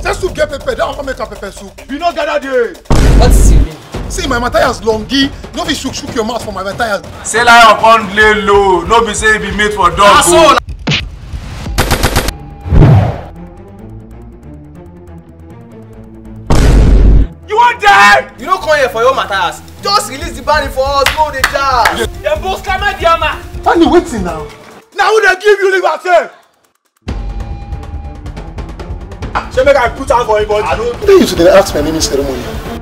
Say soup get pepper, that one come make a pepper soup. You no gather there. What is your name? See, my matthias longi no be shook shook your mouth for my matthias. Say lion come play low, no be say e be made for dog o. You wan die? You no come here for your matthias. Just release the bunny for us, Go the die. Dem both coming di ama. Tani wetin now? Now who dey give you liberty? Shey make I put am for him I don't. Then you should ask my naming ceremony.